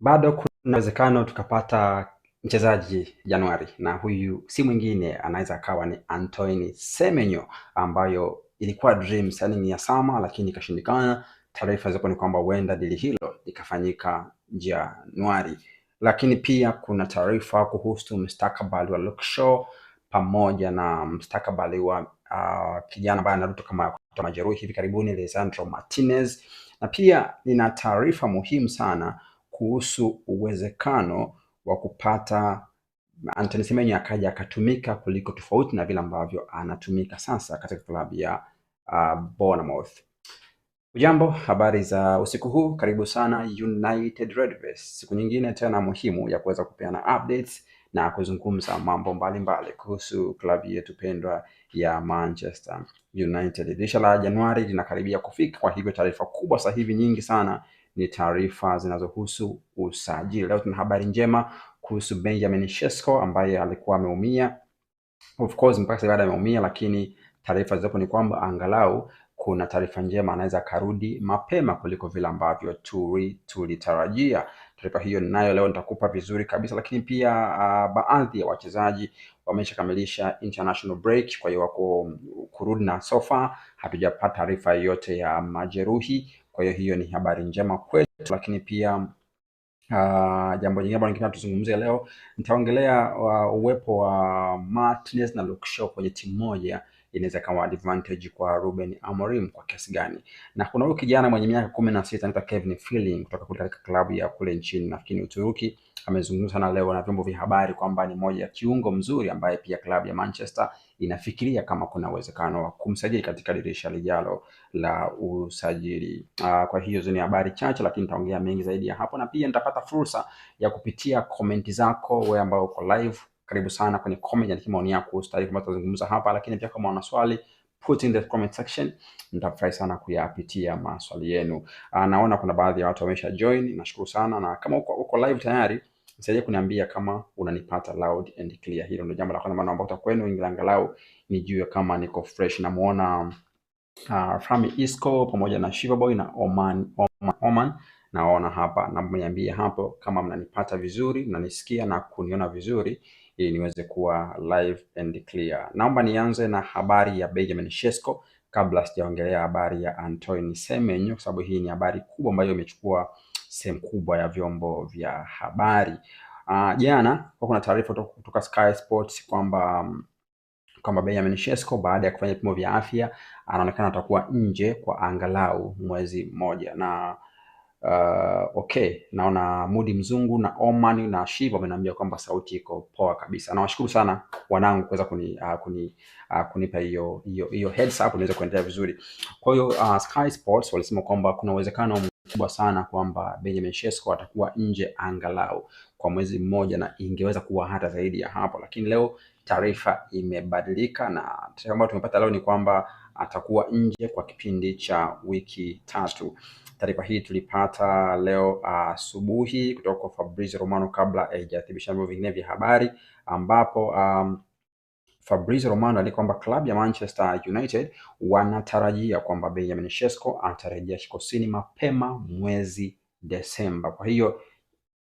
bado kuna uwezekano tukapata mchezaji Januari, na huyu si mwingine, anaweza akawa ni Antoine Semenyo, ambayo ilikuwa dream signing ya sama, lakini ikashindikana. Taarifa zilizopo ni kwamba huenda dili hilo likafanyika Januari, lakini pia kuna taarifa kuhusu mstakabali wa Luke Shaw pamoja na mstakabali wa uh, kijana ambaye anarudi kama majeruhi hivi karibuni Lisandro Martinez, na pia nina taarifa muhimu sana kuhusu uwezekano wa kupata Anthony Semenyo akaja akatumika kuliko tofauti na vile ambavyo anatumika sasa katika klabu ya uh, Bournemouth. Ujambo, habari za usiku huu, karibu sana United Redverse, siku nyingine tena muhimu ya kuweza kupeana updates na kuzungumza mambo mbalimbali kuhusu klabu yetu pendwa ya Manchester United. Dirisha la Januari linakaribia kufika, kwa hivyo taarifa kubwa sasa hivi nyingi sana ni taarifa zinazohusu usajili. Leo tuna habari njema kuhusu Benjamin Sesko ambaye alikuwa ameumia, of course mpaka sasa bado ameumia, lakini taarifa zilizopo ni kwamba angalau kuna taarifa njema, anaweza akarudi mapema kuliko vile ambavyo tulitarajia. Taarifa hiyo ninayo leo nitakupa vizuri kabisa, lakini pia uh, baadhi ya wachezaji wameshakamilisha international break, kwa hiyo wako kurudi, na so far hatujapata taarifa yoyote ya majeruhi kwa hiyo hiyo ni habari njema kwetu, lakini pia uh, jambo jingine ambalo ningependa tuzungumzie leo, nitaongelea uh, uwepo wa Martinez na Luke Shaw kwenye timu moja inaweza kama advantage kwa Ruben Amorim kwa kiasi gani. Na kuna huyu kijana mwenye miaka kumi na sita anaitwa Kevin Feeling kutoka kule katika klabu ya kule nchini nafikiri Uturuki, amezungumza sana leo na vyombo vya habari kwamba ni moja ya kiungo mzuri ambaye pia klabu ya Manchester inafikiria kama kuna uwezekano wa kumsajili katika dirisha lijalo la usajili. Aa, ah, kwa hiyo hizo ni habari chache, lakini nitaongea mengi zaidi ya hapo, na pia nitapata fursa ya kupitia komenti zako wewe ambao uko live karibu sana kwenye comment, andika maoni yako kuhusu taarifa ambazo tunazungumza hapa, lakini pia kama una swali put in the comment section, nitafurahi sana kuyapitia maswali yenu. Ah, naona kuna baadhi ya watu wamesha join, nashukuru sana, na kama uko, uko live tayari nisaidie kuniambia kama unanipata loud and clear. Hilo ndio jambo la kwanza ambalo naomba kwenu, ingalau angalau nijue kama niko fresh. Namuona uh, ah, Frami Isco pamoja na Shiva Boy na Oman, Oman, Oman naona hapa, na mniambie hapo kama mnanipata vizuri, mnanisikia na kuniona vizuri ili niweze kuwa live and clear. Naomba nianze na habari ya Benjamin Sesko kabla sijaongelea habari ya Antoine semenyu kwa sababu hii ni habari kubwa ambayo imechukua sehemu kubwa ya vyombo vya habari ah, jana. Uh, kwa kuna taarifa kutoka Sky Sports kwamba um, kwamba Benjamin Sesko baada ya kufanya vipimo vya afya anaonekana atakuwa nje kwa angalau mwezi mmoja, na uh, okay, naona Mudi Mzungu na Oman na Shiva wamenaambia kwamba sauti iko poa kabisa. Nawashukuru sana wanangu kuweza kuni, uh, kuni, uh, kunipa hiyo hiyo hiyo heads up niweze kuendelea vizuri. Kwa hiyo uh, Sky Sports walisema kwamba kuna uwezekano mkubwa sana kwamba Benjamin shesko atakuwa nje angalau kwa mwezi mmoja na ingeweza kuwa hata zaidi ya hapo, lakini leo taarifa imebadilika na taarifa ambayo tumepata leo ni kwamba atakuwa nje kwa kipindi cha wiki tatu. Taarifa hii tulipata leo asubuhi uh, kutoka kwa Fabrice Romano kabla haijathibitisha vyombo vingine vya habari ambapo um, Fabrice Romano ali kwamba klabu ya Manchester United wanatarajia kwamba Benjamin Sesko atarejea kikosini mapema mwezi Desemba. Kwa hiyo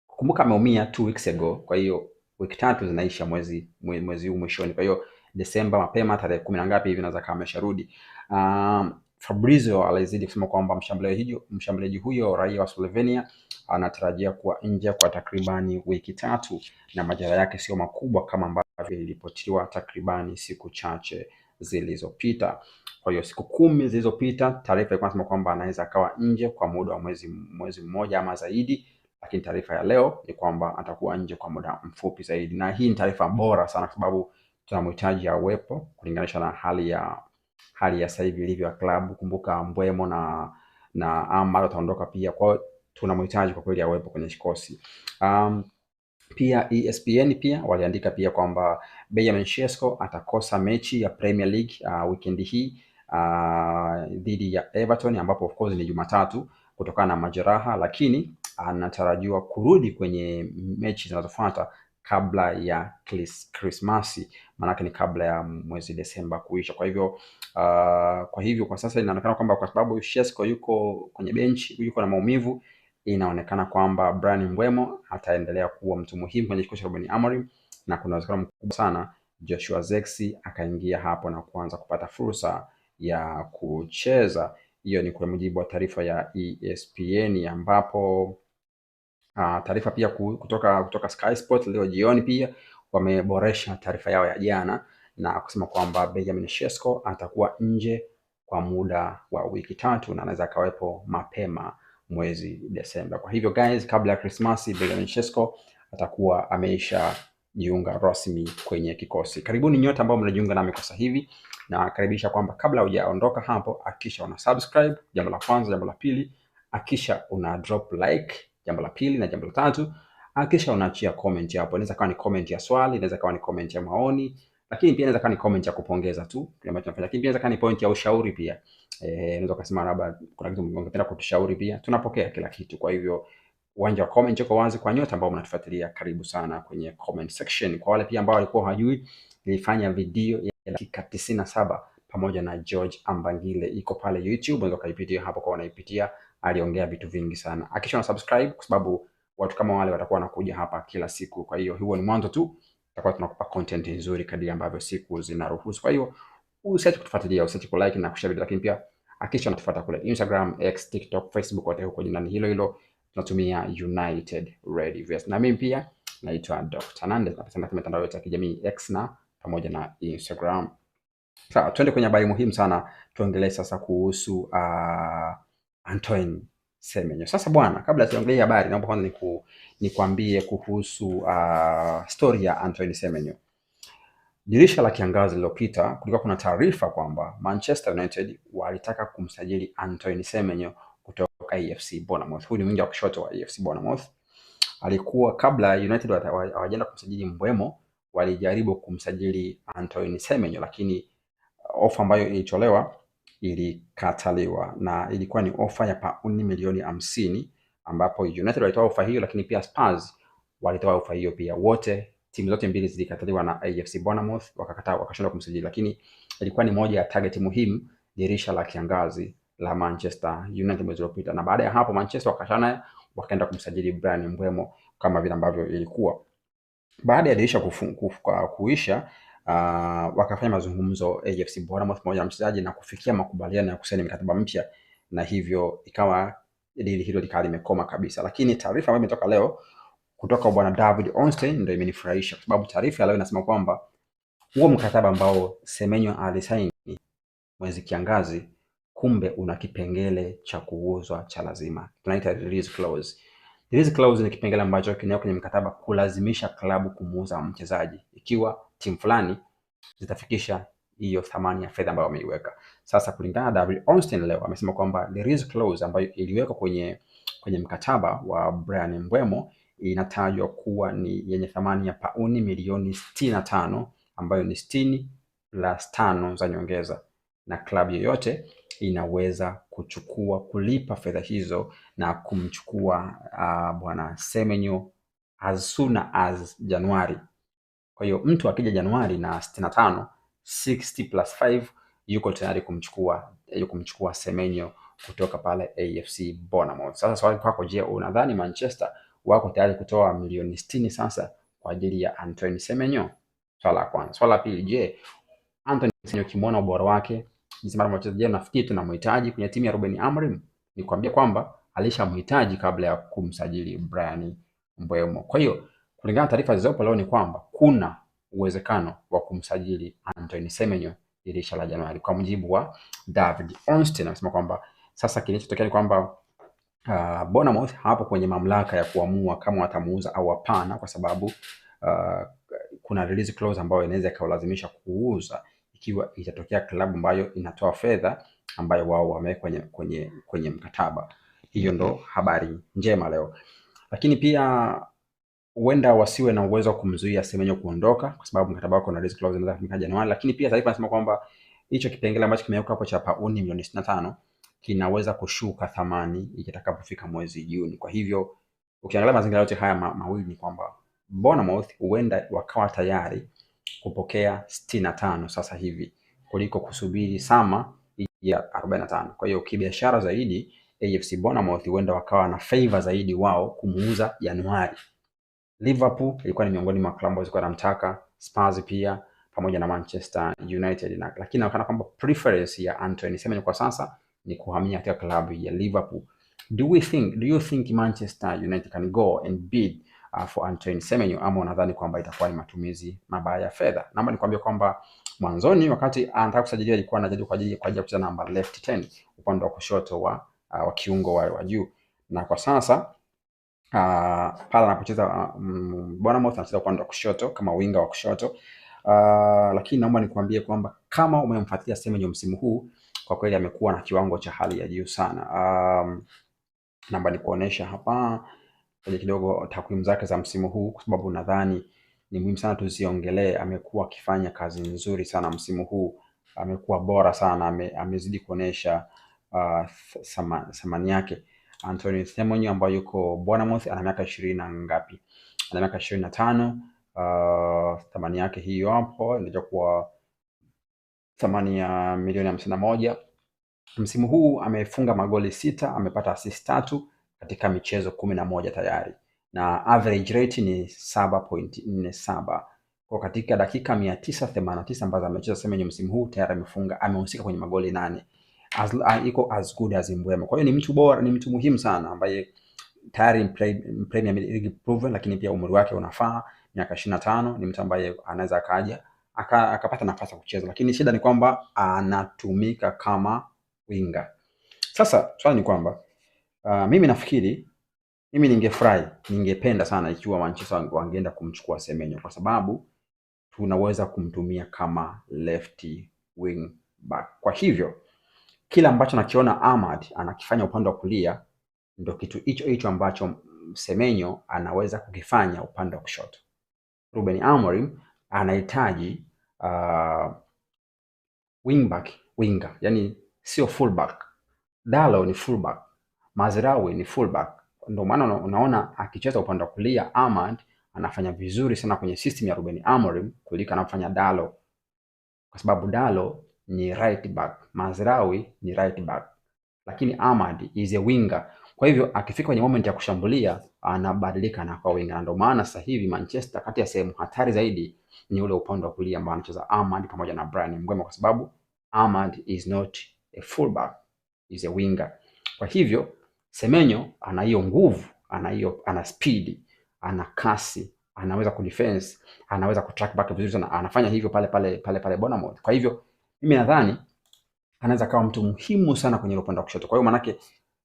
kumbuka, ameumia two weeks ago, kwa hiyo wiki tatu zinaisha mwezi mwezi huu mwishoni. Kwa hiyo Desemba mapema tarehe kumi na ngapi hivi naweza kama amesharudi. Um, Fabrizio alizidi kusema kwamba mshambuliaji mshambuliaji huyo raia wa Slovenia anatarajia kuwa nje kwa takribani wiki tatu na majara yake sio makubwa kama ambavyo ilipotiwa takribani siku chache zilizopita. Kwa hiyo siku kumi zilizopita taarifa ilikuwa inasema kwamba anaweza akawa nje kwa muda wa mwezi mwezi mmoja ama zaidi lakini taarifa ya leo ni kwamba atakuwa nje kwa muda mfupi zaidi, na hii ni taarifa bora sana kwa sababu tunamhitaji awepo kulinganisha na hali ya hali ya sasa hivi ilivyo ya klabu. Kumbuka Mbwemo na na Amara ataondoka pia, kwa tunamhitaji kwa kweli awepo kwenye kikosi um, pia ESPN pia waliandika pia kwamba Benjamin Sesko atakosa mechi ya Premier League uh, weekend hii uh, dhidi ya Everton ambapo of course ni Jumatatu kutokana na majeraha, lakini anatarajiwa kurudi kwenye mechi zinazofuata kabla ya Krismasi, maanake ni kabla ya mwezi Desemba kuisha. Kwa hivyo uh, kwa hivyo kwa sasa inaonekana kwamba kwa sababu Shesko yuko kwenye benchi, yuko na maumivu, inaonekana kwamba brian mbwemo ataendelea kuwa mtu muhimu kwenye kikosi cha Ruben na kuna uwezekano mkubwa sana Joshua Zexi akaingia hapo na kuanza kupata fursa ya kucheza. Hiyo ni kwa mujibu wa taarifa ya ESPN ambapo Uh, taarifa pia kutoka kutoka Sky Sport leo jioni pia wameboresha taarifa yao ya jana na kusema kwamba Benjamin Sesko atakuwa nje kwa muda wa wiki tatu na anaweza akawepo mapema mwezi Desemba. Kwa hivyo guys, kabla ya Christmas Benjamin Sesko atakuwa ameisha jiunga rasmi kwenye kikosi. Karibuni nyote ambao mnajiunga nami kwa sasa hivi, na karibisha kwamba kabla hujaondoka hapo, akisha una subscribe, jambo la kwanza. Jambo la pili, akisha una drop like jambo la pili na jambo la tatu, hakikisha unaachia comment hapo. Inaweza kawa ni comment ya swali, inaweza kawa ni comment ya maoni, lakini pia inaweza kawa ni comment ya kupongeza tu kile ambacho tunafanya, lakini pia inaweza kawa ni point ya ushauri pia. Eh, unaweza kusema labda kuna kitu ungependa kutushauri pia, tunapokea kila kitu. Kwa hivyo uwanja wa comment uko wazi kwa nyote ambao mnatufuatilia, karibu sana kwenye comment section. Kwa wale pia ambao walikuwa hawajui, nilifanya video ya dakika 97 pamoja na George Ambangile, iko pale YouTube, unaweza kuipitia hapo kwa unaipitia aliongea vitu vingi sana. akisha una subscribe kwa sababu watu kama wale watakuwa wanakuja hapa kila siku. Kwa hiyo huo ni mwanzo tu, tutakuwa tunakupa content nzuri kadiri ambavyo siku zinaruhusu. Kwa hiyo usiache kutufuatilia, usiache kulike na kushare, video lakini pia akisha unatufuata kule Instagram, X, TikTok, Facebook, wote huko jina hilo hilo tunatumia United ready Redverse. Na mimi pia naitwa Dr. Nandez, napatikana kwenye mitandao yote ya kijamii X na pamoja na Instagram. Sawa, twende kwenye habari muhimu sana, tuongelee sasa kuhusu uh, Antoine Semenyo. Sasa bwana, kabla sijaongelea habari, naomba kwanza niku, nikwambie kuhusu uh, story ya Antoine Semenyo. Dirisha la kiangazi lililopita kulikuwa kuna taarifa kwamba Manchester United walitaka kumsajili Antoine Semenyo kutoka AFC Bournemouth. Huyu ni mwingi wa kushoto wa AFC Bournemouth. Alikuwa kabla United hawajaenda kumsajili Mbwemo, walijaribu kumsajili Antoine Semenyo, lakini ah, ofa ambayo ilitolewa ilikataliwa na ilikuwa ni ofa ya pauni milioni hamsini ambapo United walitoa ofa hiyo, lakini pia Spurs walitoa ofa hiyo pia. Wote timu zote mbili zilikataliwa na AFC Bournemouth, wakakataa wakashindwa kumsajili, lakini ilikuwa ni moja ya target muhimu dirisha la kiangazi la Manchester United mwezi uliopita, na baada ya hapo Manchester wakashana wakaenda kumsajili brian Mbeumo kama vile ambavyo ilikuwa. Baada ya dirisha kufu, kufu, kuisha uh, wakafanya mazungumzo AFC eh, Bournemouth pamoja na mchezaji na kufikia makubaliano ya kusaini mikataba mpya, na hivyo ikawa dili hilo likawa limekoma kabisa. Lakini taarifa ambayo imetoka leo kutoka bwana David Ornstein ndio imenifurahisha kwa sababu taarifa leo inasema kwamba huo mkataba ambao Semenyo alisaini mwezi kiangazi kumbe una kipengele cha kuuzwa cha lazima, tunaita release clause. Release clause ni kipengele ambacho kinawekwa kwenye mkataba kulazimisha klabu kumuuza mchezaji ikiwa team fulani zitafikisha hiyo thamani ya fedha ambayo wameiweka. Sasa kulingana na W leo amesema kwamba the risk clause ambayo iliwekwa kwenye kwenye mkataba wa Brian Mbwemo inatajwa kuwa ni yenye thamani ya pauni milioni sitini na tano ambayo ni sitini plus tano za nyongeza, na klabu yoyote inaweza kuchukua kulipa fedha hizo na kumchukua uh, bwana Semenyo as soon as Januari kwa hiyo mtu akija Januari na 65 60 plus 5 yuko tayari kumchukua yuko eh, kumchukua Semenyo kutoka pale AFC Bournemouth. Sasa swali kwako, je, unadhani Manchester wako tayari kutoa milioni 60 sasa kwa ajili ya Antoine Semenyo? Swala la kwanza. Swala la pili, je, Antoine Semenyo kimwona ubora wake jinsi mara Manchester, je, nafikiri tunamhitaji kwenye timu ya Ruben Amorim. Nikwambia kwamba alishamhitaji kabla ya kumsajili Brian Mbeumo. Kwa hiyo Kulingana na taarifa zilizopo leo ni kwamba kuna uwezekano wa kumsajili Antoine Semenyo dirisha la Januari, kwa mujibu wa David Onsten anasema kwamba sasa kilichotokea ni kwamba uh, Bournemouth hapo kwenye mamlaka ya kuamua kama watamuuza au hapana, kwa sababu uh, kuna release clause ambayo inaweza ikawalazimisha kuuza ikiwa itatokea klabu ambayo inatoa fedha ambayo wao wameweka kwenye, kwenye, kwenye mkataba. Hiyo ndo habari njema leo, lakini pia huenda wasiwe na uwezo wa kumzuia Semenyo kuondoka kwa sababu mkataba wako na Risk Clause unaweza kufika Januari, lakini pia taarifa inasema kwamba hicho kipengele ambacho kimewekwa hapo cha pauni milioni 65 kinaweza kushuka thamani ikitakapofika mwezi Juni. Kwa hivyo ukiangalia mazingira yote haya ma mawili ni kwamba Bournemouth huenda wakawa tayari kupokea 65 sasa hivi kuliko kusubiri sama ya 45. Kwa hiyo kibiashara zaidi AFC Bournemouth huenda wakawa na favor zaidi wao kumuuza Januari. Liverpool ilikuwa ni miongoni mwa klabu ambazo zilikuwa namtaka, Spurs pia pamoja na Manchester United na, lakini inaonekana kwamba preference ya Antoine Semenyo kwa sasa ni kuhamia katika klabu ya Liverpool. Do we think, do you think Manchester United can go and bid uh, for Antoine Semenyo ama unadhani kwamba itakuwa ni matumizi mabaya ya fedha? Naomba nikwambie kwamba mwanzoni wakati anataka kusajiliwa alikuwa anajadili kwa ajili ya kucheza namba left 10 upande wa kushoto wa, uh, wa kiungo wa, wa juu na kwa sasa uh, pale anapocheza uh, um, Bournemouth anacheza upande wa kushoto kama winga wa kushoto uh, lakini naomba nikwambie kwamba kama umemfuatilia Semenyo msimu huu kwa kweli amekuwa na kiwango cha hali ya juu sana. Um, naomba nikuonesha hapa kwenye kidogo takwimu zake za msimu huu, kwa sababu nadhani ni muhimu sana tuziongelee. Amekuwa akifanya kazi nzuri sana msimu huu, amekuwa bora sana, amezidi kuonesha uh, thamani yake. Antoine Semenyo ambaye yuko Bournemouth ana miaka ishirini na ngapi? Ana miaka ishirini na tano. Uh, thamani yake hiyo hapo inaweza kuwa thamani ya milioni hamsini na moja. Msimu huu amefunga magoli sita, amepata assist tatu katika michezo kumi na moja tayari na average rate ni 7.47 kwa katika dakika 989 ambazo amecheza Semenyo msimu huu tayari amefunga amehusika kwenye magoli nane as, uh, iko as good as Mbwema. Kwa hiyo ni mtu bora, ni mtu muhimu sana ambaye tayari Premier League proven, lakini pia umri wake unafaa miaka 25, ni mtu ambaye anaweza akaja akapata aka nafasi ya kucheza, lakini shida ni kwamba anatumika kama winga. Sasa swali ni kwamba uh, mimi nafikiri mimi ningefurahi, ningependa sana ikiwa Manchester wangeenda kumchukua Semenyo kwa sababu tunaweza kumtumia kama left wing back. Kwa hivyo kila ambacho nakiona Ahmad anakifanya upande wa kulia ndio kitu hicho hicho ambacho Semenyo anaweza kukifanya upande wa kushoto. Ruben Amorim anahitaji uh, wingback winger, yani sio fullback. Dalo ni fullback, Mazraoui ni fullback. Ndio maana unaona akicheza upande wa kulia Ahmad anafanya vizuri sana kwenye system ya Ruben Amorim kuliko anafanya Dalo, kwa sababu Dalo ni right back, Mazraoui ni right back, lakini Ahmad is a winger. Kwa hivyo akifika kwenye moment ya kushambulia anabadilika na kwa winger. ndio maana sasa hivi Manchester, kati ya sehemu hatari zaidi ni ule upande wa kulia ambao anacheza Ahmad pamoja na Bryan Mbeumo, kwa sababu Ahmad is not a fullback, is a winger. Kwa hivyo Semenyo ana hiyo nguvu, ana hiyo, ana speed, ana kasi, anaweza kudefense, anaweza kutrack back vizuri sana, anafanya hivyo pale pale pale pale Bournemouth. Kwa hivyo mimi nadhani anaweza kawa mtu muhimu sana kwenye upande wa kushoto. Kwa hiyo manake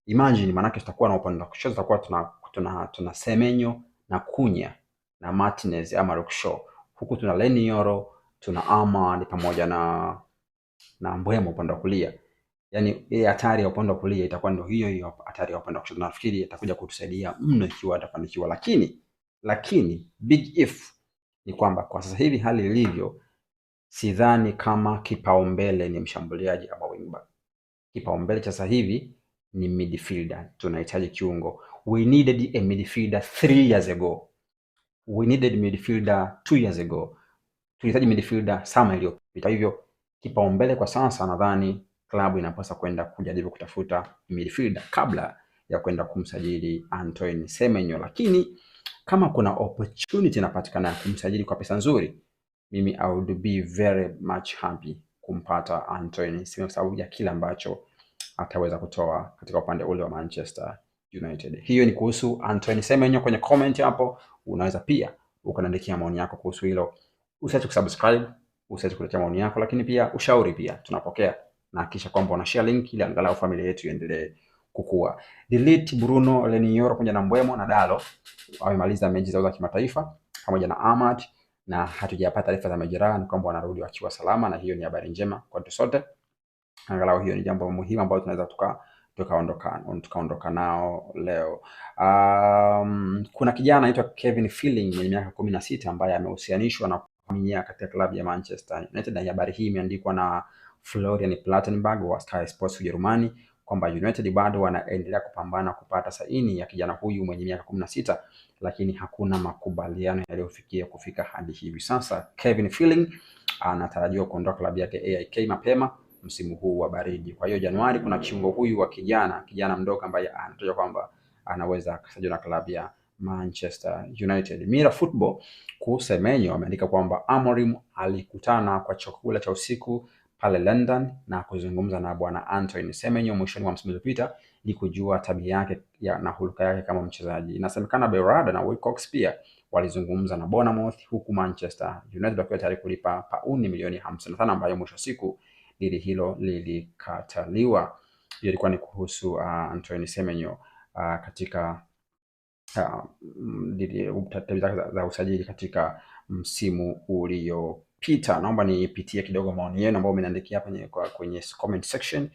imagine, manake tutakuwa na upande wa kushoto tutakuwa tuna, tuna, tuna Semenyo na Kunya na Martinez ama Lukshaw, huku tuna Lenioro tuna Amad pamoja na na Mbwemo upande wa kulia. Yaani ile hatari ya upande wa kulia itakuwa ndio hiyo hiyo hatari ya upande wa kushoto. Nafikiri itakuja kutusaidia mno ikiwa atafanikiwa, lakini lakini big if ni kwamba kwa sasa hivi hali ilivyo sidhani kama kipaumbele ni mshambuliaji ama wingback. Kipaumbele cha sasa hivi ni midfielder, tunahitaji kiungo. We needed a midfielder three years ago, we needed midfielder two years ago. Tulihitaji midfielder sama iliyopita. Hivyo kipaumbele kwa sasa nadhani klabu inapaswa kwenda kujaribu kutafuta midfielder kabla ya kwenda kumsajili Antoine Semenyo, lakini kama kuna opportunity inapatikana ya kumsajili kwa pesa nzuri mimi I would be very much happy kumpata Anthony Simon kwa sababu ya kile ambacho ataweza kutoa katika upande ule wa Manchester United. Hiyo ni kuhusu Anthony Semenyo. Kwenye comment hapo unaweza pia ukaniandikia maoni yako kuhusu hilo. Usiache kusubscribe, usiache kuletea maoni yako, lakini pia ushauri pia tunapokea, na hakikisha kwamba una share link ili angalau familia yetu iendelee kukua. Delete Bruno Leniyoro pamoja na Mbwemo na Dalo wamemaliza mechi zao za kimataifa pamoja na Ahmad na hatujapata taarifa za majeraha, ni kwamba wanarudi wakiwa salama, na hiyo ni habari njema kwetu sote. Angalau hiyo ni jambo muhimu ambalo tunaweza tuka tukaondoka tukaondoka nao leo. Um, kuna kijana anaitwa Kevin Feeling mwenye miaka kumi na sita ambaye amehusianishwa na kuhamia katika klabu ya Manchester United, na habari hii imeandikwa na Florian Plattenberg wa Sky Sports Ujerumani kwamba United bado wanaendelea kupambana kupata saini ya kijana huyu mwenye miaka kumi na sita, lakini hakuna makubaliano yaliyofikia kufika hadi hivi sasa. Kevin Feeling anatarajiwa kuondoka klabu yake AIK mapema msimu huu wa baridi. Kwa hiyo Januari kuna kiungo huyu wa kijana kijana mdogo ambaye anatajwa kwamba anaweza akasajiliwa na klabu ya Manchester United. Mira Football kuhusu Semenyo wameandika kwamba Amorim alikutana kwa chakula cha usiku pale London na kuzungumza na Bwana Antoine Semenyo mwishoni mwa msimu uliopita ili kujua tabia yake ya, na huluka yake kama mchezaji. Inasemekana Berada na Wilcox pia walizungumza na Bournemouth huku Manchester United wakiwa tayari kulipa pauni milioni 55 ambayo mwisho wa siku dili hilo lilikataliwa. Hiyo ilikuwa ni kuhusu uh, Antoine Semenyo uh, katika uh, tabia zake za usajili katika msimu ulio Peter, Naomba nipitie kidogo maoni yenu ambayo umeniandikia hapa kwenye comment section.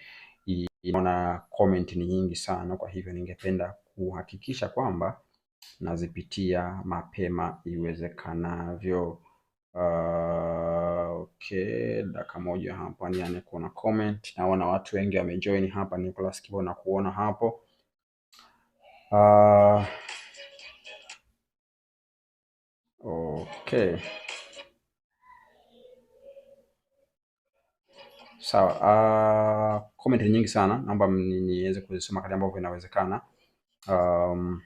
Inaona comment ni nyingi sana, kwa hivyo ningependa kuhakikisha kwamba nazipitia mapema iwezekanavyo. Uh, okay, dakika moja hapa niane kuona comment. Naona watu wengi wamejoin hapa, Nicholas Kibo na kuona hapo uh, okay. Sawa. Uh, comment nyingi sana, naomba niweze kuzisoma kadri ambavyo inawezekana. Um,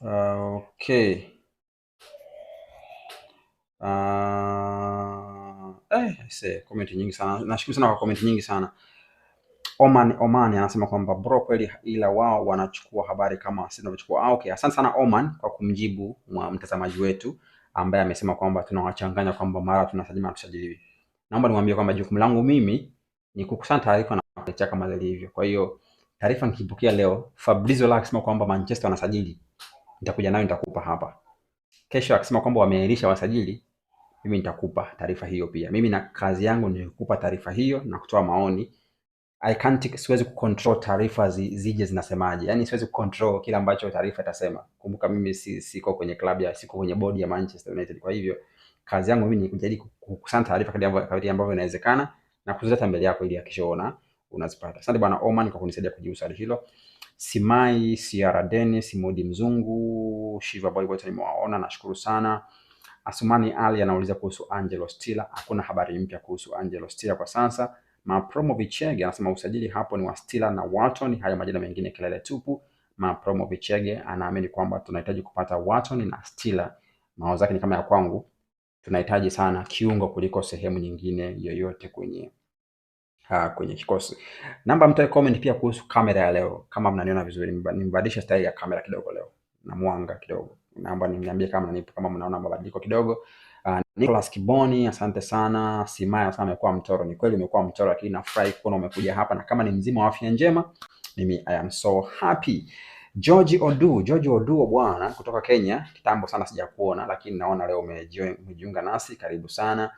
uh, okay. Uh, eh, comment nyingi sana. Nashukuru sana kwa comment nyingi sana. Oman Oman anasema kwamba bro, kweli ila wao wanachukua habari kama sisi tunachukua. Ah, okay. Asante sana Oman kwa kumjibu mtazamaji wetu ambaye amesema kwamba tunawachanganya kwamba mara tunasajili mara tusajiliwi. Naomba nimwambie kwamba jukumu langu mimi ni kukusanya taarifa na kuchacha kama zilivyo. Kwa hiyo taarifa nikipokea leo, Fabrizio Lala akisema kwamba Manchester wanasajili, nitakuja nayo nitakupa hapa. Kesho akisema kwamba wameahirisha wasajili, mimi nitakupa taarifa hiyo pia. Mimi na kazi yangu ni kukupa taarifa hiyo na kutoa maoni I can't, siwezi kucontrol taarifa zi, zije zinasemaje, yani siwezi kucontrol kile ambacho taarifa itasema. Kumbuka mimi si, siko kwenye klabu ya siko kwenye bodi ya Manchester United, kwa hivyo kazi yangu mimi ni kujaribu kukusanya taarifa kadri ambavyo inawezekana na kuzileta mbele yako ili akishaona unazipata. Asante bwana Oman kwa kunisaidia kujibu swali hilo. Simai Siara Dennis Modi Mzungu Shiva Boy Boy nimewaona, nashukuru sana. Asumani Ali anauliza kuhusu Angelo Stila. Hakuna habari mpya kuhusu Angelo Stila kwa sasa. Mapromo Vichege anasema usajili hapo ni wa Stila na Watson, hayo majina mengine kelele tupu. Mapromo Vichege anaamini kwamba tunahitaji kupata Watson na Stila. Mawazo yake ni kama ya kwangu, tunahitaji sana kiungo kuliko sehemu nyingine yoyote kwenye ha, kwenye kikosi. Namba mtoe comment pia kuhusu kamera ya leo, kama mnaniona vizuri, nimebadilisha style ya kamera kidogo leo na mwanga kidogo. Naomba niambie kama nipo kama mnaona mabadiliko kidogo. Uh, Nicolas Kiboni, asante sana. Simaya sana, amekuwa mchoro. Ni kweli umekuwa mchoro, lakini nafurahi kuona umekuja hapa, na kama ni mzima wa afya njema, mimi I am so happy. George Odu, George Odu bwana kutoka Kenya, kitambo sana sijakuona, lakini naona leo umejiunga nasi, karibu sana.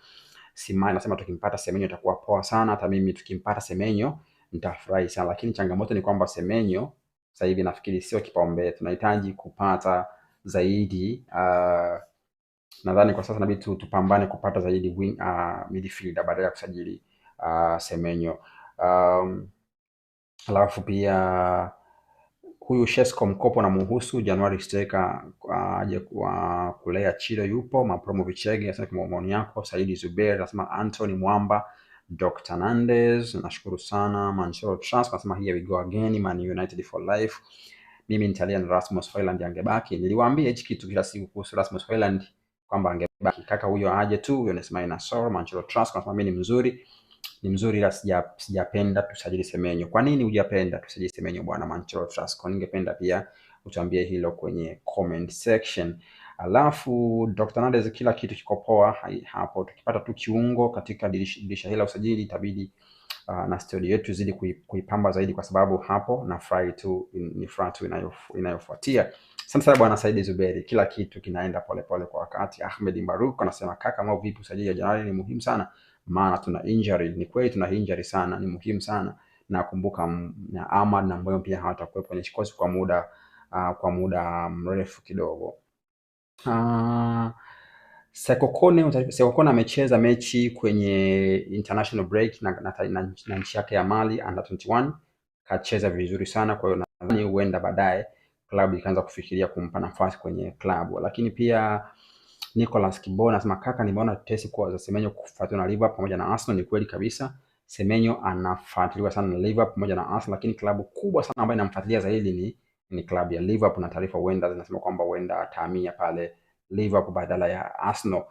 Simaya nasema tukimpata Semenyo itakuwa poa sana, hata mimi tukimpata Semenyo nitafurahi sana, lakini changamoto ni kwamba Semenyo sasa hivi nafikiri sio kipaumbele, tunahitaji kupata zaidi uh, nadhani kwa sasa inabidi tu tupambane kupata zaidi wing, uh, midfielder badala ya kusajili uh, Semenyo. Um, alafu pia huyu Shesko mkopo na muhusu January Steka ah, aje uh, kwa uh, kulea Chile yupo mapromo Vichege asante kwa maoni yako. Saidi Zuber anasema Anthony Mwamba Dr. Nandes nashukuru sana. Manchoro Trust anasema here we go again Man United for life. Mimi nitalia na Rasmus Hojlund angebaki. Niliwaambia hichi kitu kila siku kuhusu Rasmus Hojlund kwamba angebaki kaka huyo aje tu, huyo anasema ina Sor Manchester Trust, kwa mimi ni mzuri ni mzuri, ila sija sijapenda tusajili Semenyo. Kwa nini hujapenda tusajili Semenyo bwana Manchester Trust? Kwa ningependa pia utambie hilo kwenye comment section. Alafu Dr. Nades, kila kitu kiko poa hapo. Tukipata tu kiungo katika dirisha hili la usajili itabidi uh, na studio yetu zidi kuipamba zaidi, kwa sababu hapo na fry tu ni fry tu inayofuatia. Sasa bwana Said Zuberi, kila kitu kinaenda polepole pole kwa wakati. Ahmed Maruk anasema kaka, mau vipi? Usajili ya Januari ni muhimu sana, maana tuna injury. Ni kweli tuna injury sana, ni muhimu sana nakumbuka na Ahmad na Mboyo pia hawatakuwepo kwenye kikosi kwa muda uh, kwa muda mrefu kidogo. Uh, Sekokone Sekokone amecheza mechi kwenye international break na, na, na, na nchi yake ya Mali under 21 kacheza vizuri sana, kwa hiyo nadhani huenda baadaye klabu ikaanza kufikiria kumpa nafasi kwenye klabu, lakini pia Nicolas Kibona anasema kaka, nimeona tesi kuwa za Semenyo kufuatiliwa na Liverpool pamoja na Arsenal. Ni kweli kabisa, Semenyo anafuatiliwa sana na Liverpool pamoja na Arsenal, lakini klabu kubwa sana ambayo inamfuatilia zaidi ni ni klabu ya Liverpool, na taarifa huenda zinasema kwamba huenda atahamia pale Liverpool badala ya Arsenal.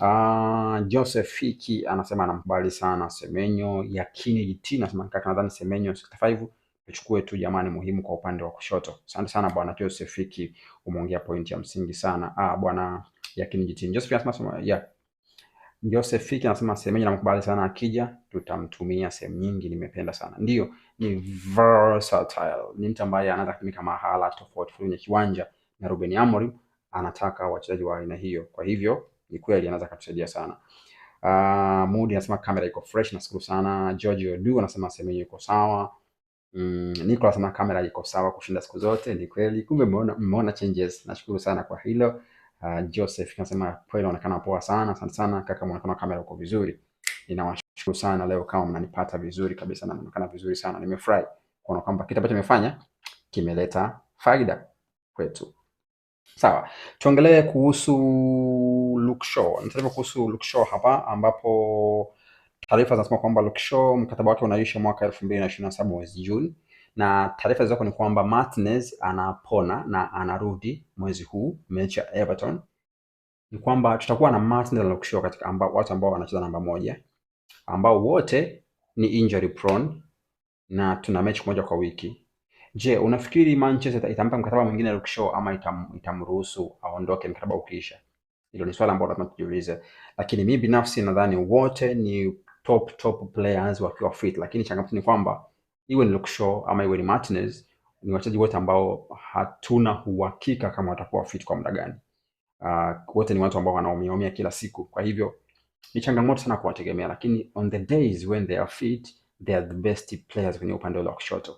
Uh, ah, Joseph Fiki anasema anamkubali sana Semenyo. Yakini jitina anasema kaka, nadhani Semenyo 65 tuchukue tu jamani, muhimu kwa upande wa kushoto. Asante sana bwana Joseph Fiki, umeongea pointi ya msingi sana. Ah, bwana yakini jitini Joseph anasema ya. Joseph Fiki anasema Semenyo namkubali sana, akija tutamtumia sehemu nyingi. Nimependa sana, ndio ni versatile, ni mtu ambaye anaweza kutumika mahala tofauti kwenye kiwanja, na Ruben Amorim anataka wachezaji wa aina hiyo. Kwa hivyo ni kweli anaweza kutusaidia sana. Uh, ah, Mudi anasema kamera iko fresh, nashukuru sana. George Odu anasema semeni yuko sawa. Mm, Nicolas na kamera iko sawa kushinda siku zote, ni kweli. Kumbe mmeona mmeona changes. Nashukuru sana kwa hilo. Uh, Joseph anasema kweli anaonekana poa sana. Asante sana kaka, muonekano kamera uko vizuri. Ninawashukuru sana leo kama mnanipata vizuri kabisa na mnaonekana vizuri sana. Nimefurahi kuona kwamba kitu ambacho nimefanya kimeleta faida kwetu. Sawa. Tuongelee kuhusu Luke Shaw. Nitaje kuhusu Luke Shaw hapa ambapo taarifa zinasema kwamba Lukshaw mkataba wake unaisha mwaka 2027 mwezi Juni, na taarifa zako ni kwamba Martinez anapona na anarudi mwezi huu mechi ya Everton. Ni kwamba tutakuwa na Martinez na Lukshaw katika amba, watu ambao wanacheza namba moja ambao wote ni injury prone na tuna mechi moja kwa wiki. Je, unafikiri Manchester itampa mkataba mwingine Lukshaw ama itam, itamruhusu aondoke mkataba ukiisha? Hilo ni swala ambalo lazima tujiulize, lakini mimi binafsi nadhani wote ni top top players wakiwa fit, lakini changamoto ni kwamba iwe ni Lukshaw ama iwe ni Martinez ni wachezaji wote ambao hatuna uhakika kama watakuwa fit kwa muda gani. Uh, wote ni watu ambao wanaumiaumia kila siku, kwa hivyo ni changamoto sana kuwategemea, lakini on the days when they are fit they are the best players kwenye upande ule wa kushoto.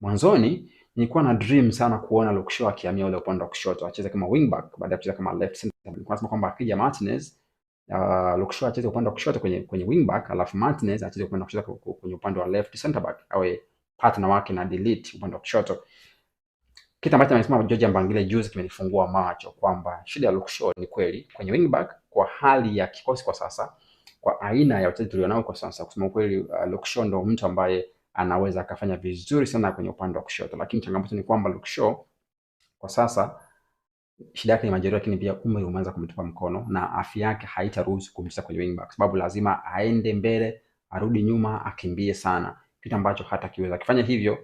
Mwanzoni nilikuwa na dream sana kuona Lukshaw akihamia ule upande wa kushoto acheze kama wingback baada ya kucheza kama left center. Nilikuwa nasema kwamba akija Martinez uh, ah, Lukshaw acheze upande wa kushoto kwenye kwenye wing back, alafu Martinez acheze upande wa kushoto kwenye upande wa left center back, awe partner wake na delete upande wa kushoto. Kitu ambacho amesema George Mbangile juzi kimenifungua macho kwamba shida ya Lukshaw ni kweli kwenye wing back, kwa hali ya kikosi kwa sasa, kwa aina ya wachezaji tulionao kwa sasa, kusema kweli, uh, ah, Lukshaw ndo mtu ambaye anaweza akafanya vizuri sana kwenye upande wa kushoto, lakini changamoto ni kwamba Lukshaw kwa sasa shida yake ni majeruhi, lakini pia umri umeanza kumtupa mkono na afya yake haitaruhusu kumshika kwenye wing back, sababu lazima aende mbele, arudi nyuma, akimbie sana, kitu ambacho hata kiweza akifanya hivyo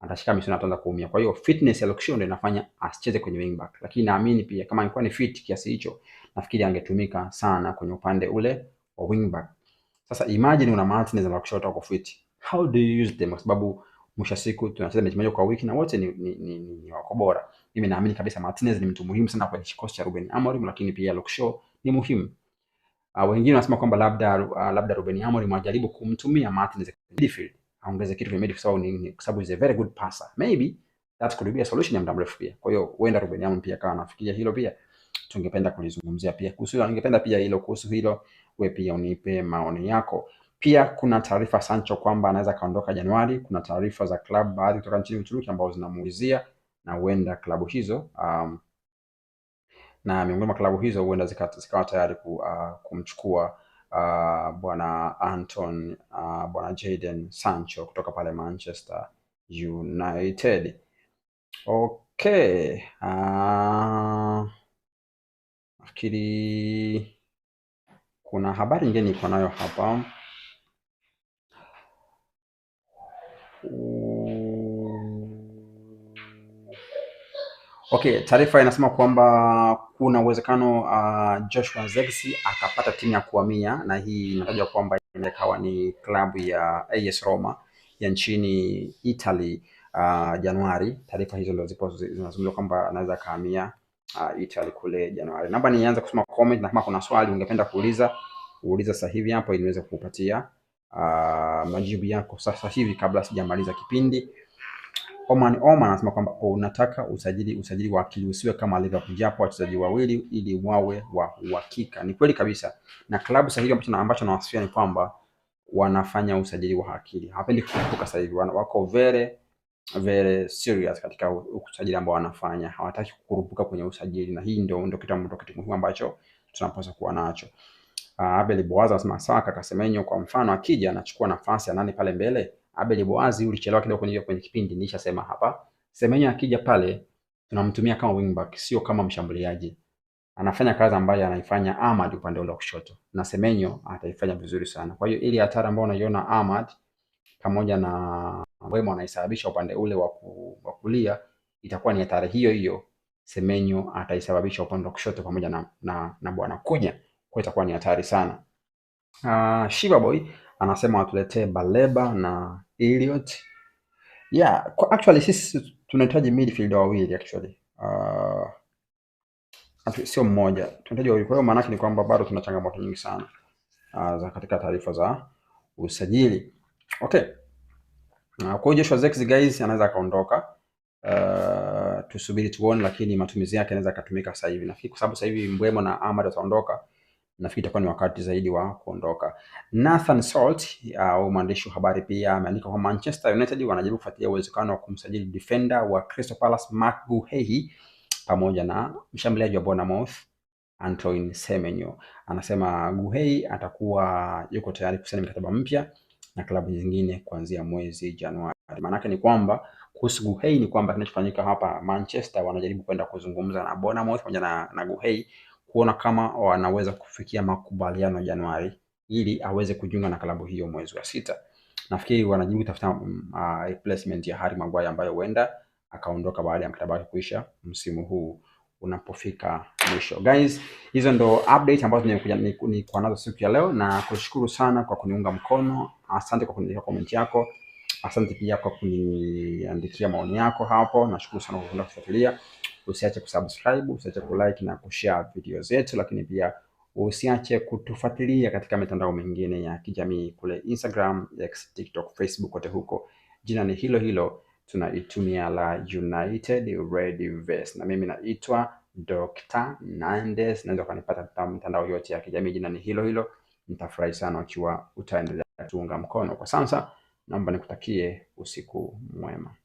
atashika misuli na ataanza kuumia. Kwa hiyo fitness ya Luke ndio inafanya asicheze kwenye wing back, lakini naamini pia kama angekuwa ni fit kiasi hicho, nafikiri angetumika sana kwenye upande ule wa wing back. Sasa imagine una Martinez na Luke wako fit, how do you use them? Kwa sababu mwisho siku tunacheza mechi moja kwa wiki na wote ni, ni, ni, ni, ni wako bora mimi naamini kabisa Martinez ni mtu muhimu sana kwa kikosi cha Ruben Amorim, lakini pia Luke Shaw ni muhimu. Uh, wengine wanasema kwamba labda uh, labda Ruben Amorim ajaribu kumtumia Martinez kwenye midfield, aongeze kitu kwenye midfield sababu ni kwa sababu is a very good passer. Maybe that could be a solution ya muda mrefu pia. Kwa hiyo huenda Ruben Amorim pia kawa anafikiria hilo pia. Tungependa kulizungumzia pia kuhusu hilo, ningependa pia hilo kuhusu hilo, wewe pia unipe maoni yako. Pia kuna taarifa Sancho kwamba anaweza kaondoka Januari. Kuna taarifa za club baadhi kutoka nchini Uturuki ambao zinamuulizia na huenda klabu hizo um, na miongoni mwa klabu hizo huenda zikawa tayari ku, uh, kumchukua uh, bwana Anton uh, bwana jaden Sancho kutoka pale Manchester United. Okay, uh, nafikiri kuna habari nyingine iko nayo hapa uh, Okay, taarifa inasema kwamba kuna uwezekano uh, Joshua Zirkzee akapata timu ya kuhamia, na hii inatajwa kwamba inawezekana ni klabu ya AS Roma ya nchini Italy uh, Januari. Taarifa hizo ndio zipo zinazungumzwa kwamba anaweza kahamia uh, Italy kule Januari. Naomba nianze kusoma comment, na kama kuna swali ungependa kuuliza uuliza sasa hivi hapo, ili niweze kukupatia uh, majibu yako sasa hivi kabla sijamaliza kipindi. Oman Oman anasema kwamba unataka oh, usajili usajili wa akili usiwe kama Liverpool, japo wachezaji wawili ili wawe wa uhakika. Ni kweli kabisa, na klabu sahihi ambacho na ambacho nawasifia ni kwamba wanafanya usajili wa akili, hawapendi kukurupuka. Sasa hivi wako vere very serious katika usajili ambao wanafanya, hawataki kukurupuka kwenye usajili, na hii ndio ndio kitu ndio kitu muhimu ambacho tunapaswa kuwa nacho. Uh, Abel Boaz anasema saka kasemenyo, kwa mfano akija anachukua nafasi ya nani pale mbele Abel Boazi ulichelewa kidogo kwenye kwenye kipindi, nilishasema hapa. Semenyo akija pale tunamtumia kama wingback, sio kama mshambuliaji. Anafanya kazi ambayo anaifanya Ahmad upande ule wa kushoto, na Semenyo ataifanya vizuri sana. Kwa hiyo ile hatari ambayo unaiona Ahmad pamoja na Wema anaisababisha upande ule wa kulia, itakuwa ni hatari hiyo hiyo Semenyo ataisababisha upande wa kushoto pamoja na, na, na Bwana Kunya, kwa hiyo itakuwa ni hatari sana. Uh, ah, Shiva Boy anasema watuletee Baleba na Elliot. Yeah, kwa actually sisi tunahitaji midfield wawili actually. Uh, sio mmoja tunahitaji wawili. Kwa hiyo maana yake ni kwamba bado tuna changamoto nyingi sana uh, za katika taarifa za usajili. Okay. Uh, kwa hiyo Joshua Zirkzee guys anaweza akaondoka. Uh, tusubiri tuone, lakini matumizi yake anaweza akatumika sasa hivi. Nafikiri kwa sababu sasa hivi Mbwemo na Ahmad wataondoka nafikiri itakuwa ni wakati zaidi wa kuondoka. Nathan Salt uh, au uh, mwandishi wa habari pia ameandika kwa Manchester United wanajaribu kufuatilia uwezekano wa kumsajili defender wa Crystal Palace Mark Guehi pamoja na mshambuliaji wa Bournemouth Antoine Semenyo. Anasema Guehi atakuwa yuko tayari kusaini mkataba mpya na klabu nyingine kuanzia mwezi Januari. Maanake ni kwamba kuhusu Guehi ni kwamba kinachofanyika hapa Manchester wanajaribu kwenda kuzungumza na Bournemouth pamoja na, na Guehi kuona kama wanaweza kufikia makubaliano Januari ili aweze kujiunga na klabu hiyo mwezi wa sita. Nafikiri wanajibu tafuta uh, mm, ah, replacement ya Harry Maguire ambayo huenda akaondoka baada ya mkataba wake kuisha msimu huu unapofika mwisho. Guys, hizo ndo update ambazo ni kwa nazo siku ya leo, na kushukuru sana kwa kuniunga mkono. Asante kwa kuniandikia comment yako, asante pia kwa kuniandikia maoni yako hapo. Nashukuru sana kwa kufuatilia usiache kusubscribe, usiache kulike na kushare video zetu, lakini pia usiache kutufuatilia katika mitandao mingine ya kijamii kule Instagram, X, TikTok, Facebook, kote huko jina ni hilo hilo tunaitumia la United Red Vest, na mimi naitwa Dr. Nandes. Naweza ukanipata mitandao yote ya kijamii jina ni hilo hilo. Nitafurahi sana ukiwa utaendelea kuunga mkono. Kwa sasa, naomba nikutakie usiku mwema.